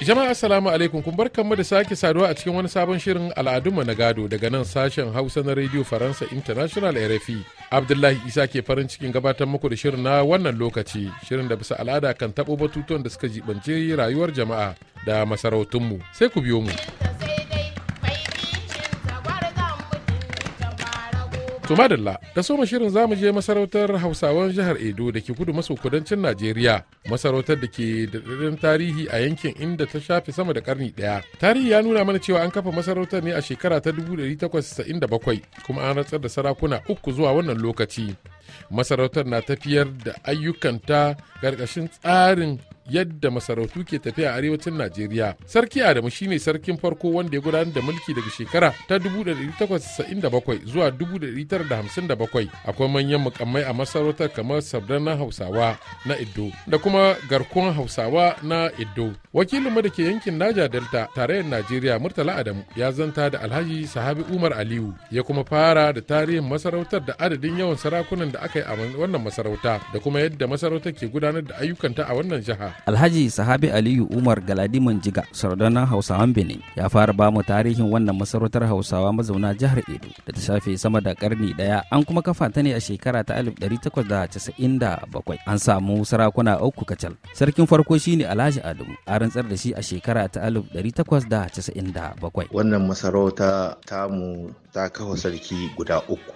Jama'a assalamu alaikum kun mu da sake saduwa a cikin wani sabon shirin al'adunmu na gado daga nan sashen Hausa na Radio Faransa International RFI. Abdullahi Isa ke farin cikin gabatar muku da shirin na wannan lokaci, shirin da bisa al'ada kan taɓo batutuwan da suka jibance rayuwar jama'a da masarautunmu. Sai ku biyo mu. To madalla da soma shirin zamu je masarautar Hausawan jihar Edo da ke kudu maso kudancin Najeriya, masarautar da ke da tarihi a yankin inda ta shafe sama da ƙarni ɗaya Tarihi ya nuna mana cewa an kafa masarautar ne a shekara ta bakwai kuma an ratsar da sarakuna uku zuwa wannan lokaci. Masarautar na tafiyar da ayyukanta ƙarƙashin tsarin yadda masarautu ke tafiya a arewacin Najeriya. Sarki Adamu shine sarkin farko wanda ya gudanar da mulki daga shekara ta 1897 zuwa 1957. Akwai manyan mukammai a masarautar kamar Sardanan Hausawa na Iddo da kuma garkuwan Hausawa na Iddo. Wakilin da ke yankin Naja Delta tarayyar Najeriya Murtala Adamu ya zanta da Alhaji Sahabi Umar Aliyu ya kuma fara da tarihin masarautar da adadin yawan sarakunan da aka yi a wannan masarauta da kuma yadda masarautar ke gudanar da ayyukanta a wannan jiha. Alhaji Sahabi Aliyu Umar Galadiman Jiga, sardana Hausawan Benin, ya fara ba mu tarihin wannan masarautar Hausawa mazauna jihar Edo da ta shafe sama da karni daya an kuma kafa ta ne a shekara ta 1897. An samu sarakuna uku kacal. Sarkin farko shine Alhaji Adamu, a rantsar da shi a shekara ta 1897. Wannan masarauta tamu ta kafa sarki guda uku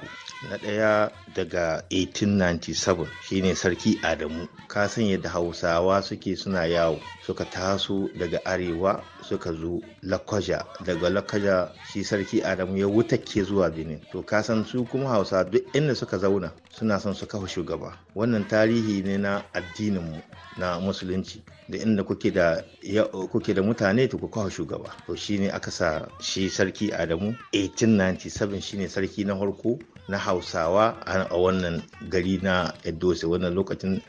na ɗaya daga 1897 shine sarki adamu ka san yadda hausawa suke suna yawo suka taso daga arewa suka zo lakwaja daga lakwaja shi sarki adamu ya wutake zuwa benin to ka san su kuma hausa duk inda suka zauna suna son su kafa shugaba wannan tarihi ne na addininmu na musulunci da inda kuke da kuke da mutane to ku kawo shugaba to shine aka sa shi sarki Adamu 1897 shine sarki na farko na hausawa a wannan gari na edo wannan lokacin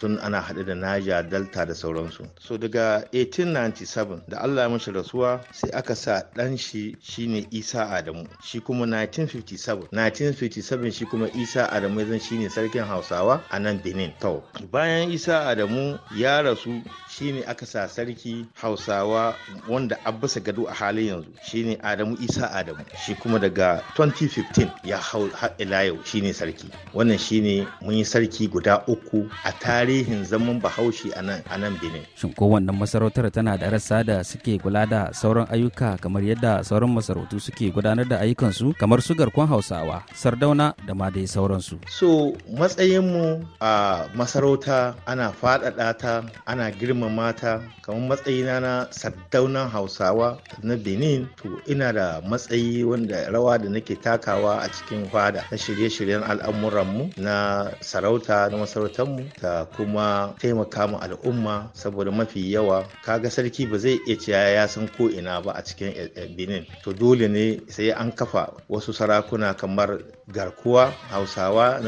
tun ana haɗe da Niger Delta da sauransu. So daga 1897 da Allah ya mashi rasuwa sai aka sa ɗan shi shine Isa Adamu shi kuma 1957 1957 shi kuma Isa Adamu shi shine sarkin Hausawa a nan Benin. To bayan Isa Adamu ya rasu shine aka sa sarki Hausawa wanda Abbas Gado a halin yanzu shine Adamu Isa Adamu shi kuma daga 2015 ya hau ila yau shine sarki. Wannan shine mun yi sarki guda uku a tarihi tarihin zaman bahaushe a nan benin shin ko wannan masarautar tana da rassa da suke kula da sauran ayyuka kamar yadda sauran masarautu suke gudanar da ayyukansu kamar su garkon hausawa sardauna da ma dai sauransu so matsayinmu a masarauta ana faɗaɗa ta ana girmama ta kamar matsayina na sardaunan hausawa na benin to ina da matsayi wanda rawa da nake takawa a cikin fada na shirye-shiryen al'amuranmu na sarauta na masarautarmu ta kuma taimaka ma al'umma saboda mafi yawa kaga sarki ba zai iya cewa ya san ko ina ba a cikin benin to dole ne sai an kafa wasu sarakuna kamar garkuwa hausawa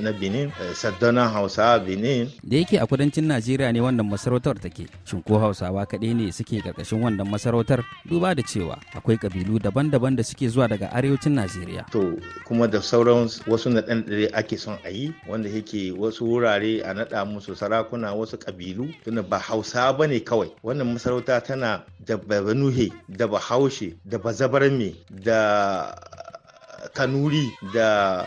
na benin eh, Saddana hausawa benin da yake a kudancin najeriya ne wannan masarautar take shin ko hausawa kaɗai ne suke karkashin wannan masarautar duba da cewa akwai kabilu daban-daban da suke zuwa daga arewacin najeriya to kuma da sauran wasu na ɗan ake son a yi wanda yake wasu wurare a naɗa musu sarakuna wasu kabilu tunda ba hausa ba ne kawai wannan masarauta tana da babanuhe da bahaushe da bazabarme da kanuri da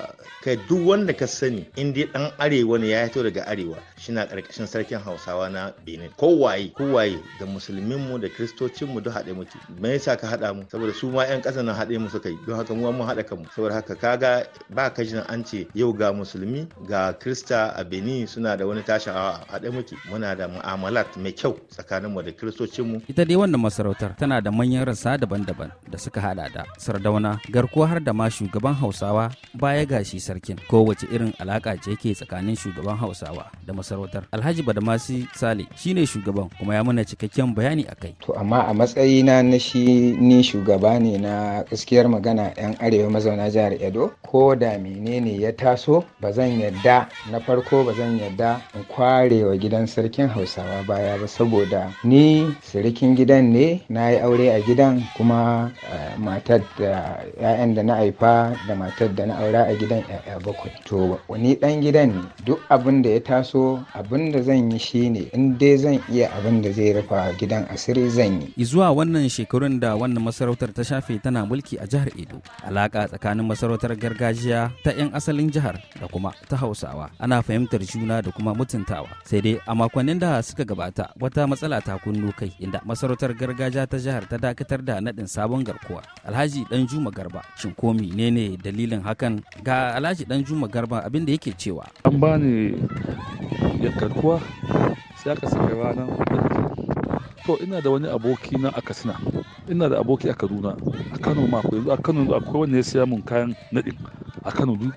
kai duk wanda ka sani in dai dan arewa ne ya fito daga arewa shina karkashin sarkin hausawa na benin kowaye kowaye da musulmin mu da kristocin mu duk haɗe muke me yasa ka haɗa mu saboda su ma yan ƙasa nan haɗe mu suka yi don haka mu mun haɗa mu. saboda haka kaga ba ka jin an ce yau ga musulmi ga krista a benin suna da wani tashin a haɗe muke muna da mu'amalat mai kyau tsakanin mu da kristocin mu ita dai wannan masarautar tana da manyan rasa daban-daban da suka haɗa da sardauna garkuwa har da mashu shugaban hausawa baya ga shi sarkin kowace irin alaka ce yake tsakanin shugaban hausawa da masarautar alhaji badamasi sale shine shugaban kuma ya mana cikakken bayani a kai to amma a matsayina na shi ni shugaba ne na gaskiyar magana yan arewa mazauna jihar edo ko da menene ya taso ba zan yadda na farko ba zan yadda in kware wa gidan sarkin hausawa baya ba saboda ni sirikin gidan ne na yi aure a gidan kuma eh, matar da 'ya'yan da na haifa da matar da na aura a gidan yaya bakwai to wani dan gidan ne duk abin da ya taso abin da zan yi shi ne. in dai zan iya abin da zai rufa gidan asiri zan yi zuwa wannan shekarun da wannan masarautar ta shafe tana mulki a jihar edo alaka tsakanin masarautar gargajiya ta yan asalin jihar da kuma ta hausawa ana fahimtar juna da kuma mutuntawa sai dai a makonnin da suka gabata wata matsala ta kunno kai inda masarautar gargajiya ta jihar ta dakatar da naɗin sabon garkuwa alhaji dan juma garba shin komi ne menene dalilin hakan ga alhaji dan juma garba abin da yake cewa an bani ya karkuwa sai aka saka ranar to ina da wani aboki na a kasina ina da aboki a kaduna a kano ma yanzu a kano akwai wanda ya siya mun kayan naɗin a kano duk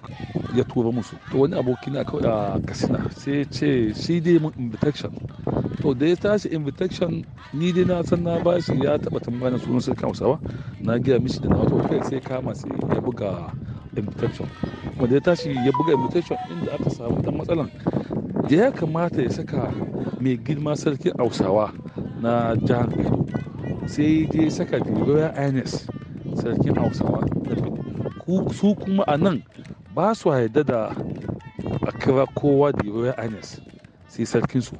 ya tura musu to wani aboki na a kasina sai ya ce shi dai mun invitation to da ya tashi invitation ni dai na san na bashi ya taba tambaya sunan sarkin hausawa na gaya mishi da na wato kai sai kama sai ya buga invitation kuma da ya tashi ya buga invitation inda aka samu ta matsalan da ya kamata ya saka mai girma sarkin hausawa na jihar edo sai dai saka dogara ines sarkin hausawa su kuma a nan ba su haida da a kira kowa dogara ines sai sarkinsu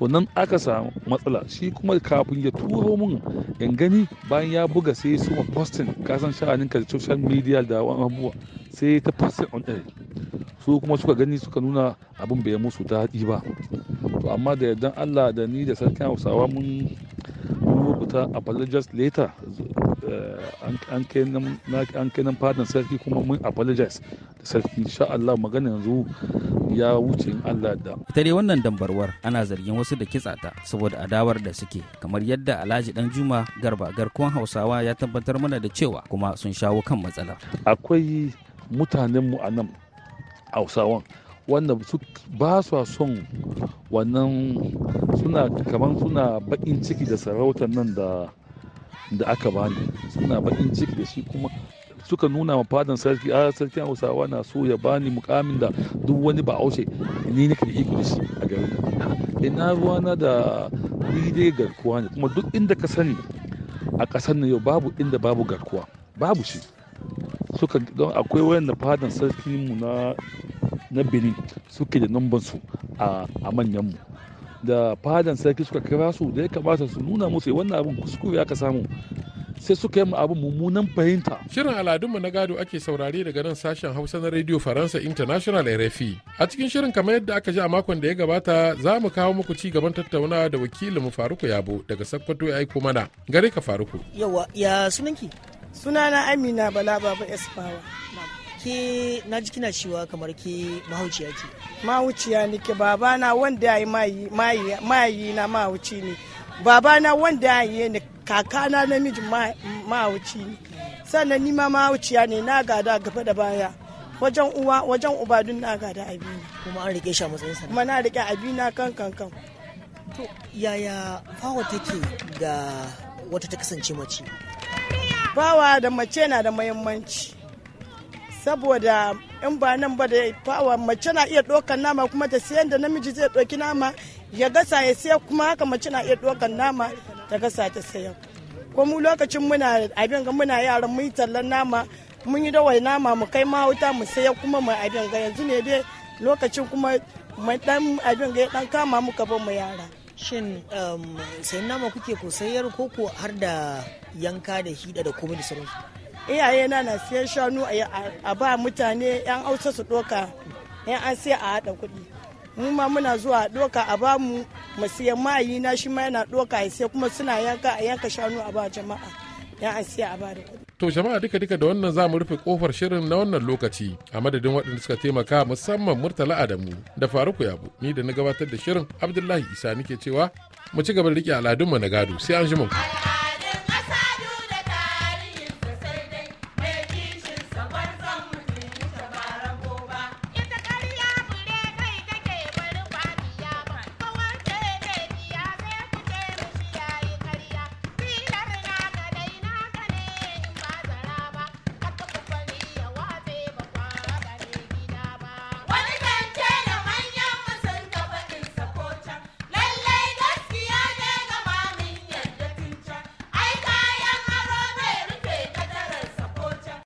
to nan aka samu matsala shi kuma kafin ya turo mun in gani bayan ya buga sai su ma postin kasan sha'anin ka social media da wani abubuwa sai ta postin on air su kuma suka gani suka nuna abin bai musu ta daɗi ba to amma da yardan Allah da ni da sarkin Hausawa mun rubuta apologies later eh, an kai nan fadin sarki kuma mun apologize da sarki insha Allah magana yanzu ya wuce in Allah da. Ita dai wannan dambarwar ana zargin wasu da kitsa ta saboda adawar da suke kamar yadda Alhaji Dan Juma Garba garkuwan Hausawa ya tabbatar mana da cewa kuma sun shawo kan matsalar. Akwai mutanenmu a nan Hausawan wanda ba su son wannan suna kamar suna baƙin ciki da sarautar nan da da aka bani suna baƙin ciki da shi kuma suka nuna ma fadan sarki a ah, sarkin hausawa na so ya bani mukamin da duk wani ba aushe ni nake da iko da shi a garin ina ruwa na da ni dai garkuwa ne kuma duk inda ka sani a kasar nan yau babu inda babu garkuwa babu shi suka don akwai wayan da fadan sarkinmu na na benin suke da nambansu a manyanmu da fadan sarki suka kira su da ya kamata su nuna musu wannan abin kuskure aka samu sai suka yi mu abu mummunan fahimta. Shirin aladunmu na gado ake saurare daga nan sashen Hausa na Radio Faransa International RFI. A cikin shirin kamar yadda aka ji a makon da ya gabata za mu kawo muku ci gaban tattauna da wakilinmu Faruku Yabo daga Sokoto ya aiko mana. Gare ka Faruku. Yawa ya sunanki? Sunana Amina Bala Baba Espawa. Ki na ji kina cewa kamar ki mahauciya ke. Mahauciya nike babana wanda ya yi mayi na mahauci ne. Babana wanda ya yi kakana namijin mahauci ne sannan ni ma mahauciya ne na gada gaba da baya wajen uwa wajen uba dun na gada abina kuma an rike shi a matsayin sana'a kuma na rike abina kan kan kan to yaya fawa take da wata ta kasance mace fawa da mace na da muhimmanci saboda in ba nan ba da fawa mace na iya ɗaukar nama kuma ta sayan da namiji zai ɗauki nama ya gasa ya sayar kuma haka mace na iya ɗaukar nama ta gasa ta sayar ko mu lokacin muna abin ga muna yaran mun tallan nama mun yi dawai nama mu kai mahauta mu saya kuma mu abin ga yanzu ne dai lokacin kuma mai dan abin ga dan kama muka bar mu yara shin um, sayan nama kuke ko sayar ko ko har da yanka da hida da komai da sauransu iyaye na na siyan shanu a ba mutane yan ausa su doka yan an sai a hada kuɗi mu ma muna zuwa doka a ba mu masu mayi na shi ma yana doka ya sai kuma suna yanka a yanka shanu a ba jama'a ya an siya a ba da kuɗi. To jama'a duka duka da wannan za mu rufe kofar shirin na wannan lokaci a madadin waɗanda suka taimaka musamman Murtala Adamu da Faruku Yabo ni da na gabatar da shirin Abdullahi Isa nake cewa mu ci gaba da rike al'adunmu na gado sai an ji